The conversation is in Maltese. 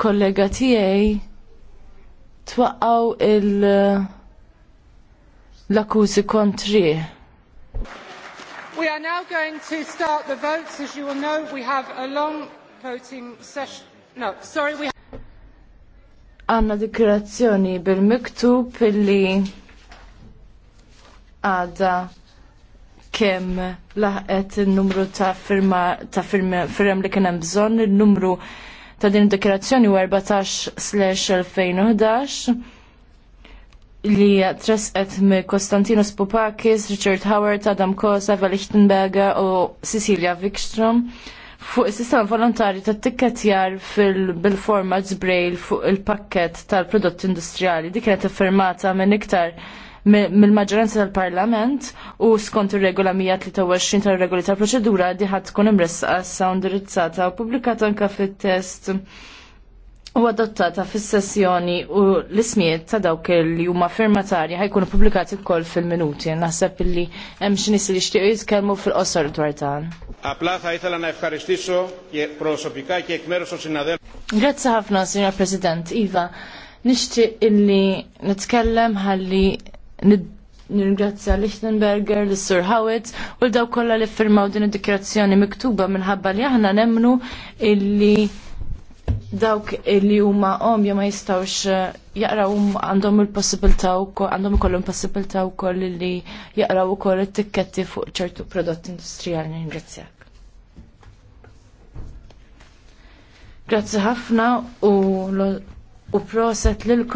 kollega tiegħi twaqqaw il uh, l-akkużi kontri. We are now going to start the votes. As you will know, we have a long voting session. No, sorry, we Għanna dikrazzjoni bil-miktub illi għada kemm laħqet il-numru ta' firma ta' firma firm li kien hemm bżonn, il-numru ta' din id-dikirazzjoni u 14/2011 li tresqet me Konstantinos Popakis, Richard Howard, Adam Kosa, Eva Lichtenberger u Cecilia Wikström fuq is-sistema volontari ta' tikketjar fil-format braille fuq il-pakket tal-prodotti industrijali. Dik kienet iffirmata minn iktar mill-maġġoranza tal-Parlament u skont ir-regola 123 tal-regoli tal-proċedura di ħadd tkun imressa sa indirizzata u pubblikata anke fit-test u adottata fis-sessjoni u l-ismijiet ta' dawk li huma firmatarji ħajkunu pubblikati wkoll fil-minuti. Naħseb illi hemm xi nies li jixtiequ jitkellmu fil-qosor dwar dan. Απλά θα ήθελα να je prosopika προσωπικά και εκ Grazie ħafna, Signor President. Iva, nixtieq illi nitkellem ħalli Nirgrazzja Lichtenberger, l-Sur Howitz u l-daw kolla li firmaw din id dikrazzjoni miktuba minħabba li aħna nemnu illi dawk illi huma omja ma jistawx eh, jaqraw um- għandhom il-possibilità wkoll għandhom ikollhom possibilità wkoll li jaqraw ukoll it-tikketti fuq ċertu prodotti industrijali ningrazzjak. Grazzi ħafna u, u proset lilkom.